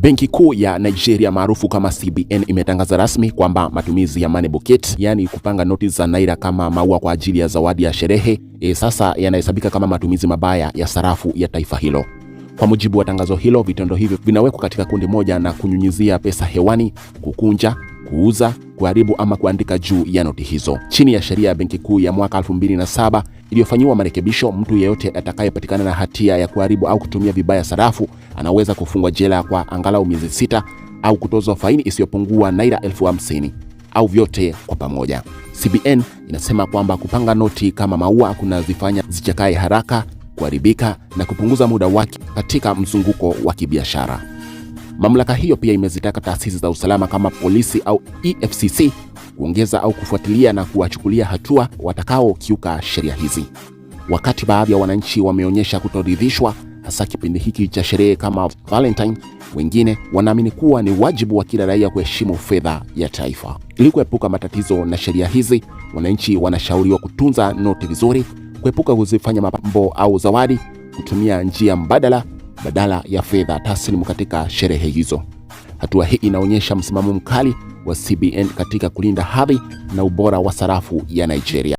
Benki Kuu ya Nigeria maarufu kama CBN imetangaza rasmi kwamba matumizi ya money bouquet, yaani kupanga noti za naira kama maua kwa ajili ya zawadi ya sherehe e, sasa yanahesabika kama matumizi mabaya ya sarafu ya taifa hilo. Kwa mujibu wa tangazo hilo, vitendo hivyo vinawekwa katika kundi moja na kunyunyizia pesa hewani, kukunja, kuuza, kuharibu ama kuandika juu ya noti hizo. Chini ya sheria ya Benki Kuu ya mwaka 2007 iliyofanyiwa marekebisho, mtu yeyote atakayepatikana na hatia ya kuharibu au kutumia vibaya sarafu anaweza kufungwa jela kwa angalau miezi sita au kutozwa faini isiyopungua naira elfu hamsini au vyote kwa pamoja. CBN inasema kwamba kupanga noti kama maua kunazifanya zichakae haraka, kuharibika na kupunguza muda wake katika mzunguko wa kibiashara. Mamlaka hiyo pia imezitaka taasisi za usalama kama polisi au EFCC kuongeza au kufuatilia na kuwachukulia hatua watakaokiuka sheria hizi. Wakati baadhi ya wananchi wameonyesha kutoridhishwa, hasa kipindi hiki cha sherehe kama Valentine, wengine wanaamini kuwa ni wajibu wa kila raia kuheshimu fedha ya taifa. Ili kuepuka matatizo na sheria hizi, wananchi wanashauriwa kutunza noti vizuri, kuepuka kuzifanya mapambo au zawadi, kutumia njia mbadala badala ya fedha taslimu katika sherehe hizo. Hatua hii inaonyesha msimamo mkali wa CBN katika kulinda hadhi na ubora wa sarafu ya Nigeria.